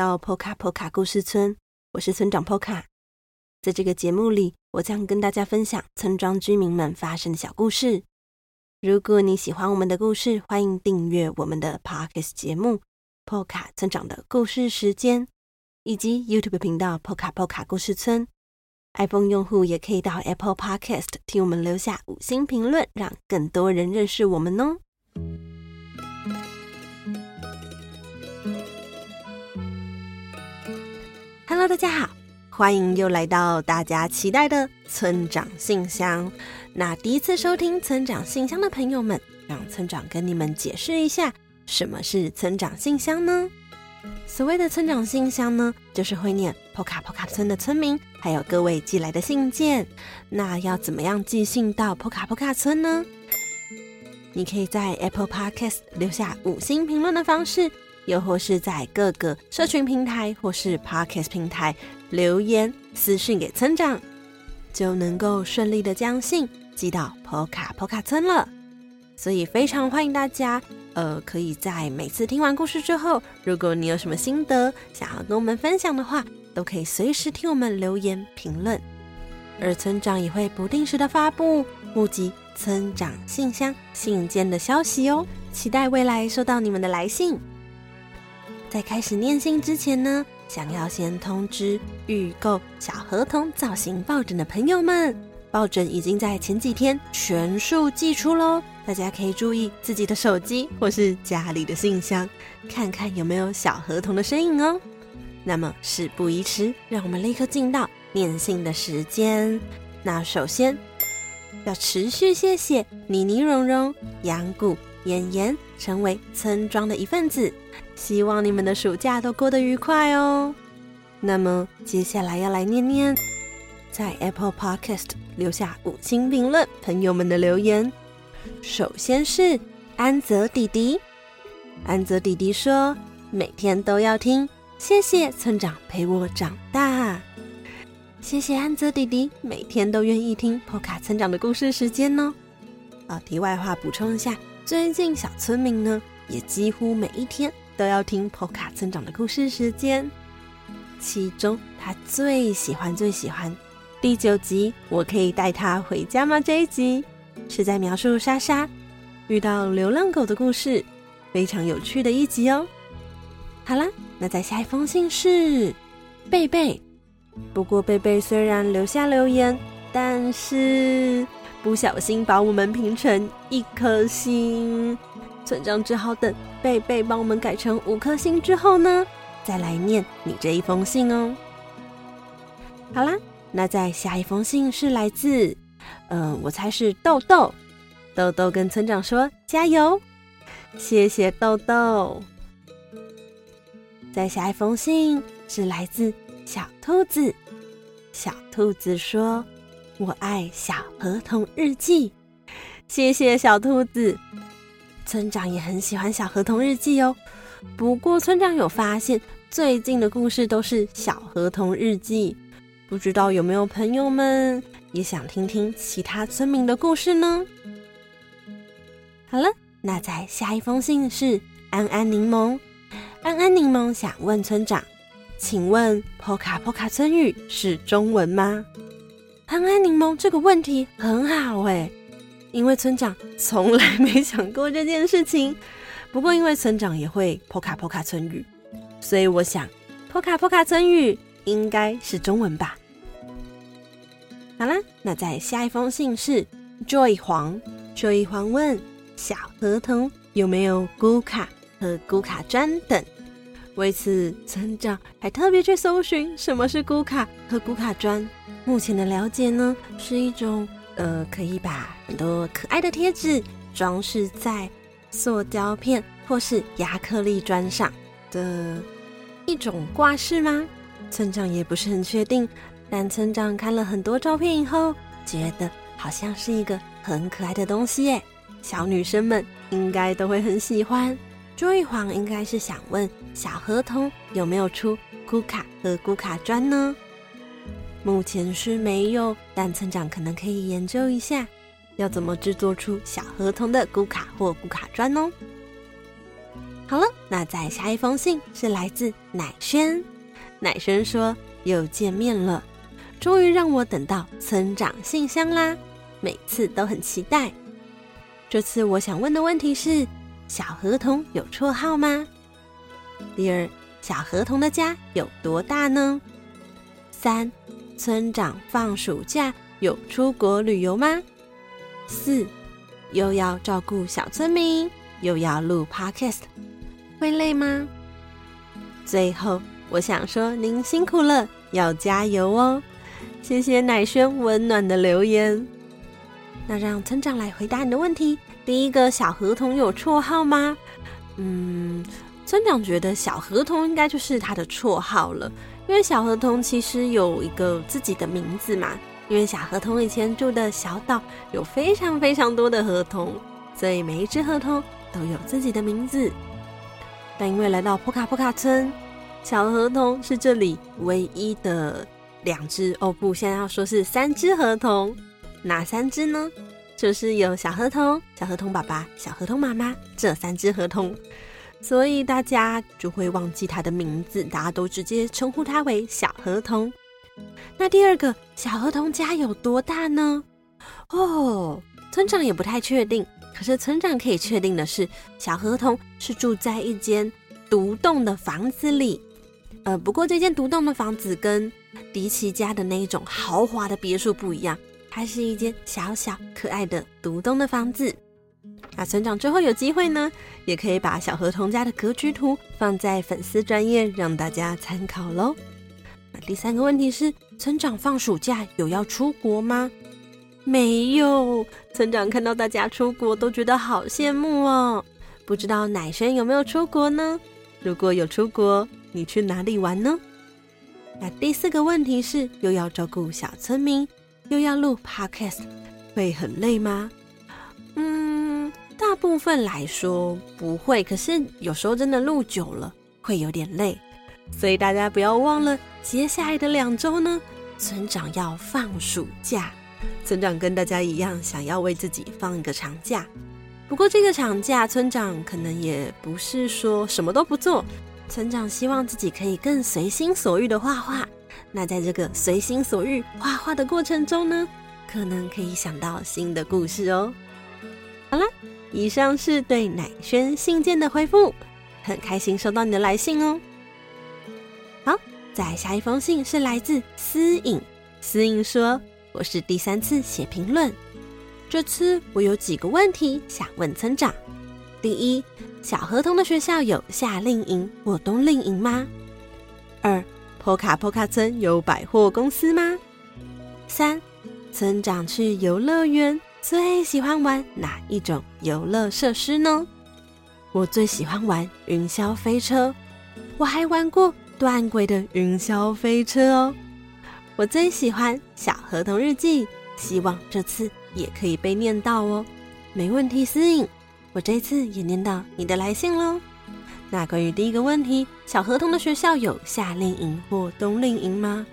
到波卡波卡故事村，我是村長波卡。在這個節目裡，我將跟大家分享村莊居民們發生的小故事。如果你喜歡我們的故事，歡迎訂閱我們的 Podcast 節目《波卡村長的故事時間》，以及 YouTube 頻道《波卡波卡故事村》。iPhone 用戶也可以到 Apple Podcast 聽我們留下五星評論，讓更多人認識我們哦。Hello，大家好，歡迎又來到大家期待的村長信箱。那第一次收聽村長信箱的朋友們，讓村長跟你們解釋一下什麼是村長信箱呢？所謂的村長信箱呢，就是會念波卡波卡村的村民，還有各位寄來的信件。那要怎麼樣寄信到波卡波卡村呢？你可以在 Apple Podcast 留下五星評論的方式。又或是，在各個社群平台，或是 Podcast 平台留言私信給村長，就能夠順利的將信寄到 Poka Poka 村了。所以，非常歡迎大家，呃，可以在每次聽完故事之後，如果你有什麼心得想要跟我們分享的話，都可以隨時聽我們留言評論。而村長也會不定時的發布募集村長信箱信件的消息哦，期待未來收到你們的來信。在開始念信之前呢，想要先通知預購小河童造型抱枕的朋友們，抱枕已經在前幾天全數寄出嘍。大家可以注意自己的手機或是家裡的信箱，看看有沒有小河童的身影哦。那麼事不宜遲，讓我們立刻進到念信的時間。那首先要持續謝謝霓霓融融，融融、羊咕、妍言，成為村莊的一份子。希望你們的暑假都過得愉快哦。那麼接下來要來念念，在 Apple Podcast 留下五星評論朋友們的留言。首先是安澤弟弟，安澤弟弟說：“每天都要聽，謝謝村長陪我長大。”謝謝安澤弟弟，每天都願意聽波卡村長的故事時間哦。啊、哦，題外話補充一下，最近小村民呢也幾乎每一天。都要聽波卡村長的故事時間，其中他最喜歡最喜歡第九集，我可以帶他回家嗎？這一集是在描述莎莎遇到流浪狗的故事，非常有趣的一集哦。好啦，那再下一封信是貝貝。不過貝貝雖然留下留言，但是不小心把我們評成一顆星。村長只好等貝貝幫我們改成五顆星之後呢，再來念你這一封信哦。好啦，那在下一封信是來自，嗯、呃，我猜是豆豆。豆豆跟村長說：“加油！”謝謝豆豆。再下一封信是來自小兔子。小兔子說：“我愛小兒童日記。”謝謝小兔子。村長也很喜歡《小河童日記》哦，不過村長有發現，最近的故事都是《小河童日記》，不知道有沒有朋友們也想聽聽其他村民的故事呢？好了，那在下一封信是安安檸檬，安安檸檬想問村長，請問“波卡波卡”村語是中文嗎？安安檸檬這個問題很好哎。因為村長從來沒想過這件事情，不過因為村長也會破卡破卡村語，所以我想破卡破卡村語應該是中文吧。好啦，那在下一封信是 Huang Joy 黃 Joy 黃問小河童有沒有咕卡和咕卡磚等，為此村長還特別去搜尋什麼是咕卡和咕卡磚。目前的了解呢，是一種。呃，可以把很多可愛的貼紙裝飾在塑膠片或是亞克力磚上的一種掛飾嗎？村長也不是很確定，但村長看了很多照片以後，覺得好像是一個很可愛的東西耶，小女生們應該都會很喜歡。Joy Huang 應該是想問小河童有沒有出咕卡和咕卡磚呢？目前是沒有，但村長可能可以研究一下，要怎麼製作出小河童的咕卡或咕卡磚哦。好了，那再下一封信是來自乃瑄，乃瑄說又見面了，終於讓我等到村長信箱啦，每次都很期待。這次我想問的問題是：小河童有綽號嗎？第二，小河童的家有多大呢？三。村長放暑假有出國旅遊嗎？四，又要照顧小村民，又要錄 podcast，會累嗎？最後我想說，您辛苦了，要加油哦！謝謝乃瑄溫暖的留言。那讓村長來回答你的問題。第一個，小河童有綽號嗎？嗯，村長覺得小河童應該就是他的綽號了。因為小河童其實有一個自己的名字嘛。因為小河童以前住的小島有非常非常多的河童，所以每一隻河童都有自己的名字。但因為來到波卡波卡村，小河童是這裡唯一的兩隻哦，不，現在要說是三隻河童，哪三隻呢？就是有小河童、小河童爸爸、小河童媽媽這三隻河童。所以大家就會忘記他的名字，大家都直接稱呼他為小河童。那第二個小河童家有多大呢？哦，村長也不太確定，可是村長可以確定的是，小河童是住在一間獨棟的房子裡。呃，不過這間獨棟的房子跟迪奇家的那種豪華的別墅不一樣，它是一間小小可愛的獨棟的房子。那村長之後有機會呢，也可以把小河童家的格局圖放在粉絲專頁，讓大家參考嘍。那第三個問題是，村長放暑假有要出國嗎？沒有，村長看到大家出國都覺得好羨慕哦。不知道乃瑄有沒有出國呢？如果有出國，你去哪裡玩呢？那第四個問題是，又要照顧小村民，又要錄 Podcast，會很累嗎？嗯。部分來說不會，可是有時候真的錄久了會有點累，所以大家不要忘了，接下來的兩周呢，村長要放暑假。村長跟大家一樣，想要為自己放一個長假。不過這個長假，村長可能也不是說什麼都不做。村長希望自己可以更隨心所欲的畫畫。那在這個隨心所欲畫畫的過程中呢，可能可以想到新的故事哦、喔。好了。以上是對乃瑄信件的回復，很開心收到你的來信哦。好，再下一封信是來自思潁，思潁說：“我是第三次寫評論，這次我有幾個問題想問村長。第一，小河童的學校有夏令營或冬令營嗎？二，波卡波卡村有百貨公司嗎？三，村長去遊樂園。”最喜歡玩哪一種遊樂設施呢？我最喜歡玩雲霄飛車，我還玩過斷軌的雲霄飛車哦。我最喜歡小河童日記，希望這次也可以被念到哦。沒問題，思潁，我這次也念到你的來信嘍。那關於第一個問題，小河童的學校有夏令營或冬令營嗎？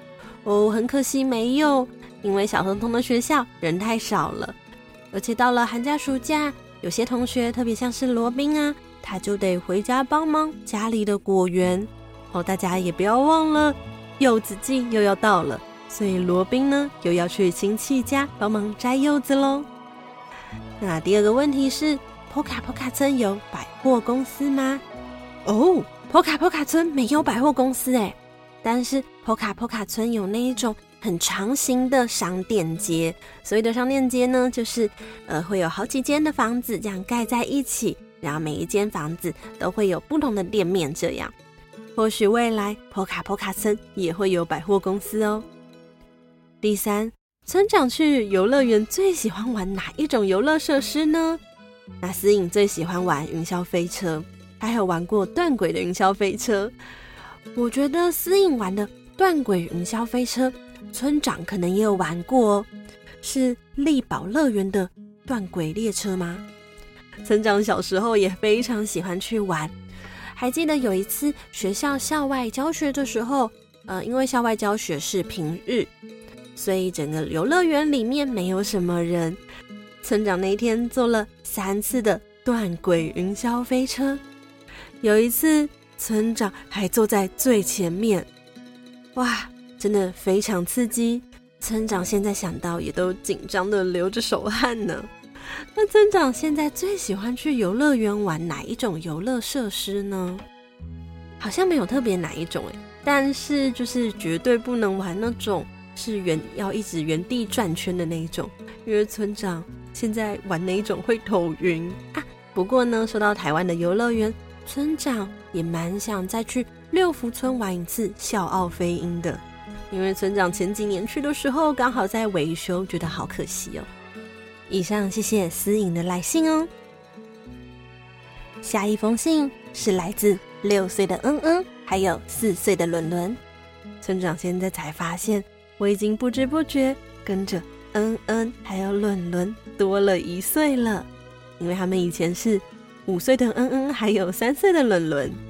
哦，很可惜沒有，因為小河童的學校人太少了。而且到了寒假、暑假，有些同學特別像是羅賓啊，他就得回家幫忙家裡的果園。哦，大家也不要忘了，柚子季又要到了，所以羅賓呢又要去親戚家幫忙摘柚子嘍。那第二個問題是，波卡波卡村有百貨公司嗎？哦，波卡波卡村沒有百貨公司哎，但是波卡波卡村有那一種。很長型的商店街，所謂的商店街呢，就是，呃，會有好幾間的房子這樣蓋在一起，然後每一間房子都會有不同的店面這樣。或許未來波卡波卡村也會有百貨公司哦。第三，村長去遊樂園最喜歡玩哪一種遊樂設施呢？那思穎最喜歡玩雲霄飛車，他還有玩過斷軌的雲霄飛車。我覺得思穎玩的斷軌雲霄飛車。村長可能也有玩過哦，是麗寶樂園的斷軌列車嗎？村長小時候也非常喜歡去玩，還記得有一次學校校外教學的時候，呃，因為校外教學是平日，所以整個遊樂園裡面沒有什麼人。村長那天坐了三次的斷軌雲霄飛車，有一次村長還坐在最前面，哇！真的非常刺激，村長現在想到也都緊張的流着手汗呢。那村長現在最喜歡去遊樂園玩哪一種遊樂設施呢？好像沒有特別哪一種，欸、但是就是絕對不能玩那種是原要一直原地轉圈的那一種，因為村長現在玩哪一種會頭暈啊。不過呢，說到台灣的遊樂園，村長也蠻想再去六福村玩一次笑傲飛鷹的。因為村長前幾年去的時候剛好在維修，覺得好可惜哦。以上謝謝思潁的來信哦。下一封信是來自六歲的恩恩，還有四歲的倫倫。村長現在才發現，我已經不知不覺跟着恩恩還有倫倫多了一歲了，因為他們以前是五歲的恩恩，還有三歲的倫倫。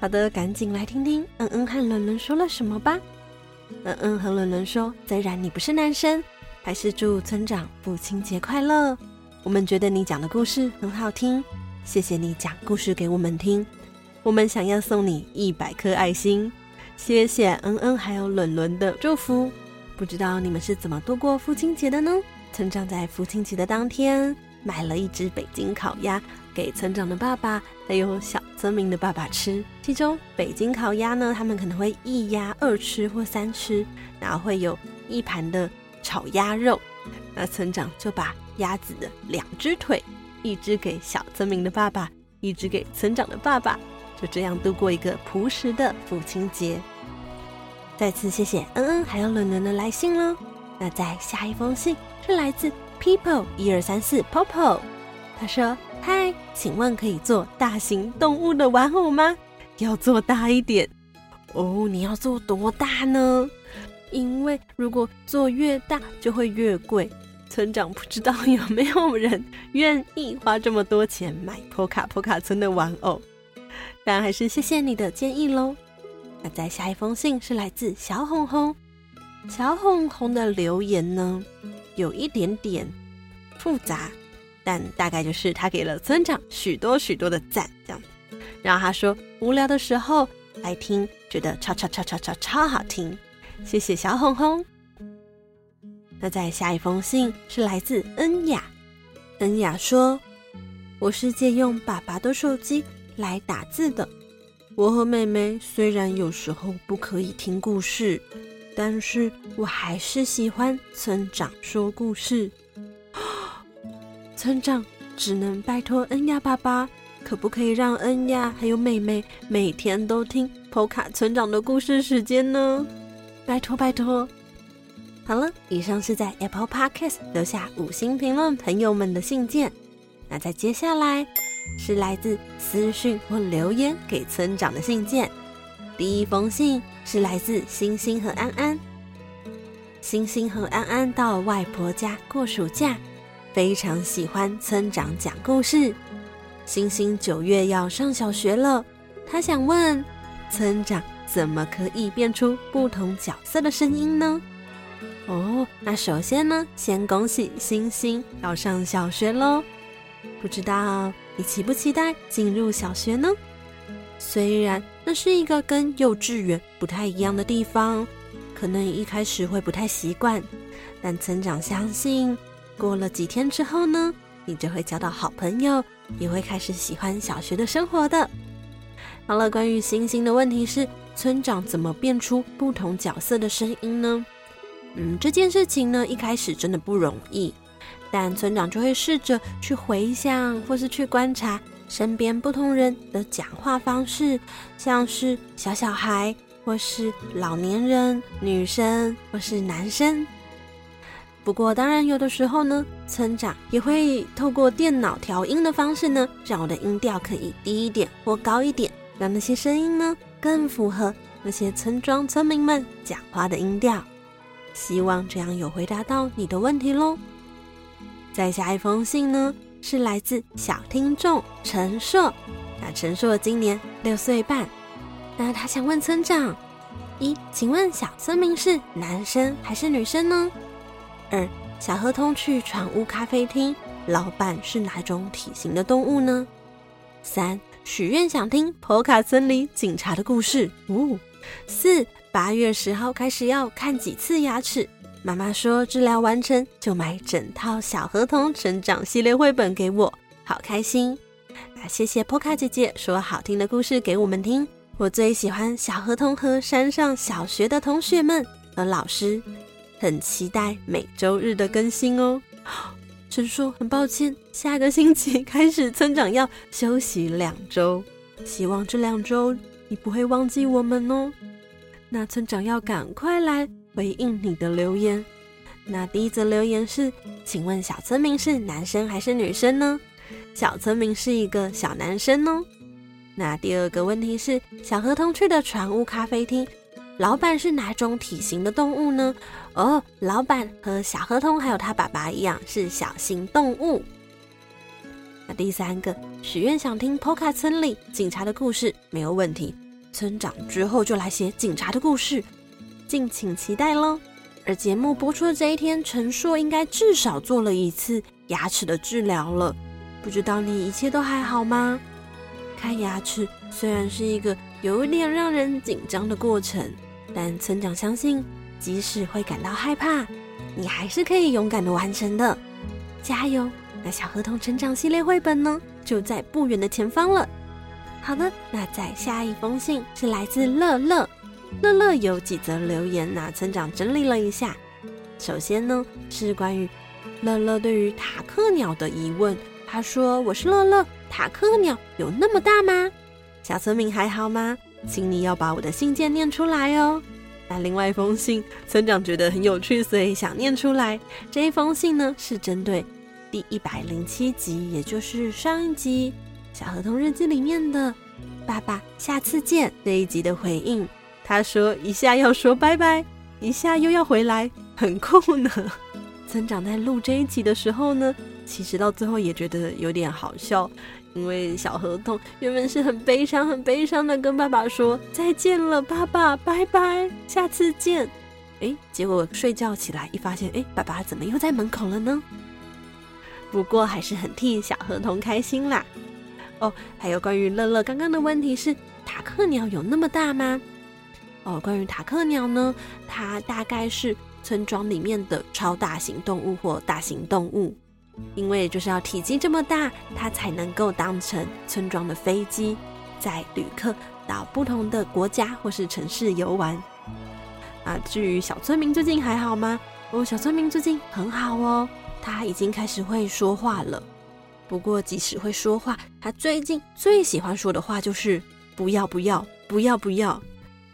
好的，趕緊來聽聽恩恩和倫倫說了什麼吧。恩恩和倫倫說，雖然你不是男生，還是祝村長父親節快樂。我們覺得你講的故事很好聽，謝謝你講故事給我們聽。我們想要送你一百顆愛心。謝謝恩恩還有倫倫的祝福。不知道你們是怎麼度過父親節的呢？村長在父親節的當天買了一隻北京烤鴨，給村長的爸爸，還有小村民的爸爸吃。其中北京烤鴨呢，他們可能會一鴨二吃或三吃，然後會有一盤的炒鴨肉。那村長就把鴨子的兩隻腿，一隻給小村民的爸爸，一隻給村長的爸爸，就這樣度過一個樸實的父親節。再次謝謝恩恩還有倫倫的來信哦！那在下一封信是來自 People 一二三四 Popo，他說。嗨，Hi, 請問可以做大型動物的玩偶嗎？要做大一點哦。你要做多大呢？因為如果做越大，就會越貴。村長不知道有沒有人願意花這麼多錢買坡卡坡卡村的玩偶。但還是謝謝你的建議嘍。那在下一封信是來自小洪洪。小洪洪的留言呢，有一點點複雜。但大概就是他給了村長許多許多的讚，這樣子。然後他說無聊的時候來聽，覺得超超超超超超好聽。謝謝小洪洪。那在下一封信是來自恩雅，恩雅說：“我是借用爸爸的手機來打字的。我和妹妹雖然有時候不可以聽故事，但是我還是喜歡村長說故事。”村長只能拜托恩雅爸爸，可不可以讓恩雅還有妹妹每天都聽波卡村長的故事時間呢？拜托拜托！好了，以上是在 Apple Podcast 留下五星評論朋友們的信件。那在接下來是來自私訊或留言給村長的信件。第一封信是來自星星和安安。星星和安安到外婆家過暑假。非常喜歡村長講故事。星星九月要上小學了，他想問村長怎麼可以變出不同角色的聲音呢？哦，那首先呢，先恭喜星星要上小學嘍！不知道你期不期待進入小學呢？雖然那是一個跟幼稚園不太一樣的地方，可能一開始會不太習慣，但村長相信。過了幾天之後呢，你就會交到好朋友，也會開始喜歡小學的生活的。好了，關於星星的問題是，村長怎麼變出不同角色的聲音呢？嗯，這件事情呢，一開始真的不容易，但村長就會試着去回想，或是去觀察身邊不同人的講話方式，像是小小孩，或是老年人、女生，或是男生。不過，當然有的時候呢，村長也會透過電腦調音的方式呢，讓我的音調可以低一點或高一點，讓那些聲音呢更符合那些村莊村民們講話的音調。希望這樣有回答到你的問題嘍。再下一封信呢，是來自小聽眾晨碩，那晨碩今年六歲半，那他想問村長：一，請問小村民是男生還是女生呢？二、小河童去寵物咖啡廳，老闆是哪種體型的動物呢？三、許願想聽波卡森林警察的故事。五、哦、四、八月十號開始要看幾次牙齒？媽媽說治療完成就買整套小河童成長系列繪本給我，好開心。那謝謝波卡姐姐說好聽的故事給我們聽，我最喜歡小河童和山上小學的同學們和老師。很期待每週日的更新哦，晨碩。很抱歉，下個星期開始村長要休息兩周，希望這兩周你不會忘記我們哦。那村長要趕快來回應你的留言。那第一則留言是，請問小村民是男生還是女生呢？小村民是一個小男生哦。那第二個問題是，小河同去的船屋咖啡廳。老闆是哪種體型的動物呢？哦，老闆和小河童還有他爸爸一樣是小型動物。那第三個許願想聽 POCA 村裡警察的故事，沒有問題。村長之後就來寫警察的故事，敬請期待嘍。而節目播出的這一天，晨碩應該至少做了一次牙齒的治療了。不知道你一切都還好嗎？看牙齒雖然是一個有一點讓人緊張的過程，但村長相信，即使會感到害怕，你還是可以勇敢地完成的。加油！那小河童成長系列繪本呢，就在不遠的前方了。好的，那在下一封信是來自樂樂。樂樂有幾則留言，那村長整理了一下。首先呢，是關於樂樂對於塔克鳥的疑問。他說：“我是樂樂，塔克鳥有那麼大嗎？小村民還好嗎？”請你要把我的信件念出來哦。那另外一封信，村長覺得很有趣，所以想念出來。這一封信呢，是針對第一百零七集，也就是上一集《小河童日記》裡面的“爸爸，下次見”這一集的回應。他說一下要說拜拜，一下又要回來，很酷呢。村長在錄這一集的時候呢，其實到最後也覺得有點好笑。因為小河童原本是很悲傷、很悲傷的，跟爸爸說再見了，爸爸，拜拜，下次見。誒、欸，結果睡覺起來一發現，誒、欸，爸爸怎麼又在門口了呢？不過還是很替小河童開心啦。哦，還有關於樂樂剛剛的問題是：塔克鳥有那麼大嗎？哦，關於塔克鳥呢，它大概是村莊裡面的超大型動物或大型動物。因為就是要體積這麼大，它才能夠當成村莊的飛機，載旅客到不同的國家或是城市遊玩。啊，至於小村民最近還好嗎？哦，小村民最近很好哦，他已經開始會說話了。不過即使會說話，他最近最喜歡說的話就是“不要不要不要不要”。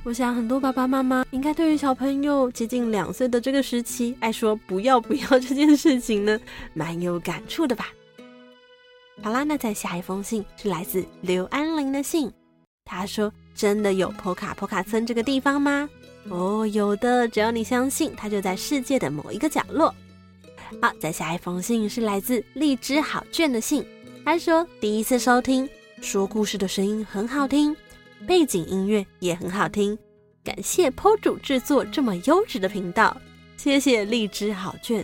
我想很多爸爸媽媽應該對於小朋友接近兩歲的這個時期愛說“不要不要”這件事情呢，蠻有感觸的吧？好啦，那在下一封信是來自劉安麟的信，他說：“真的有坡卡坡卡村這個地方嗎？”哦，有的，只要你相信，它就在世界的某一個角落。好，哦，在下一封信是來自荔枝好卷的信，他說：“第一次收聽說故事的聲音很好聽。”背景音樂也很好聽，感謝 PO 主制作這麼優質的頻道，謝謝荔枝好捲。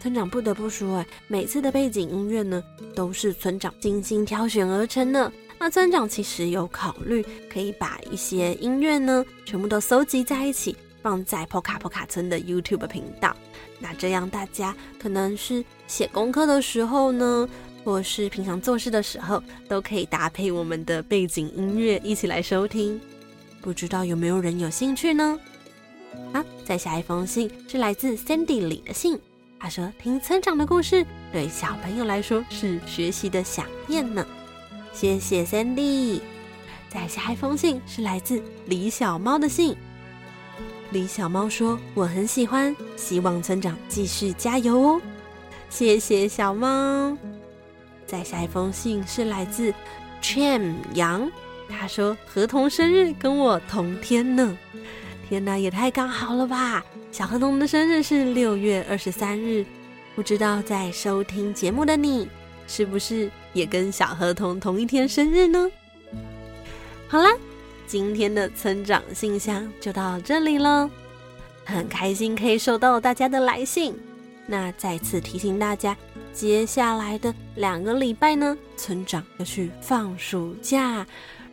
村長不得不說，哎，每次的背景音樂呢，都是村長精心挑選而成的。那村長其實有考慮，可以把一些音樂呢，全部都蒐集在一起，放在 PO 卡 PO 卡村的 YouTube 頻道。那這樣大家可能是寫功課的時候呢。或是平常做事的時候，都可以搭配我們的背景音樂一起來收聽。不知道有沒有人有興趣呢？啊！再下一封信是來自 Sandy 李的信，他說聽村長的故事對小朋友來說是學習的饗宴呢。謝謝 Sandy。再下一封信是來自李小貓的信，李小貓說，我很喜歡，希望村長繼續加油哦。謝謝小貓。再下一封信是來自 Chaim Yang，他說河童生日跟我同天呢，天哪，也太剛好了吧！小河童的生日是六月二十三日，不知道在收聽節目的你，是不是也跟小河童同一天生日呢？好了，今天的村長信箱就到這裡了，很開心可以收到大家的來信。那再次提醒大家，接下來的兩個禮拜呢，村長要去放暑假。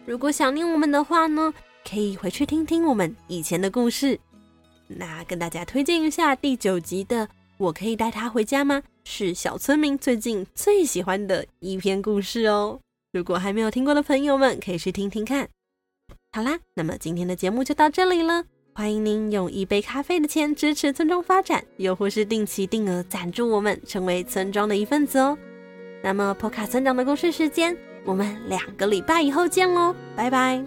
如果想念我們的話呢，可以回去聽聽我們以前的故事。那跟大家推薦一下第九集的《我可以帶他回家嗎？》，是小村民最近最喜歡的一篇故事哦。如果還沒有聽過的朋友們，可以去聽聽看。好啦，那麼今天的節目就到這裡了。歡迎您用一杯咖啡的錢支持村莊發展，又或是定期定額贊助我們，成為村莊的一份子哦。那麼普卡村長的故事時間，我們兩個禮拜以後見嘍，拜拜。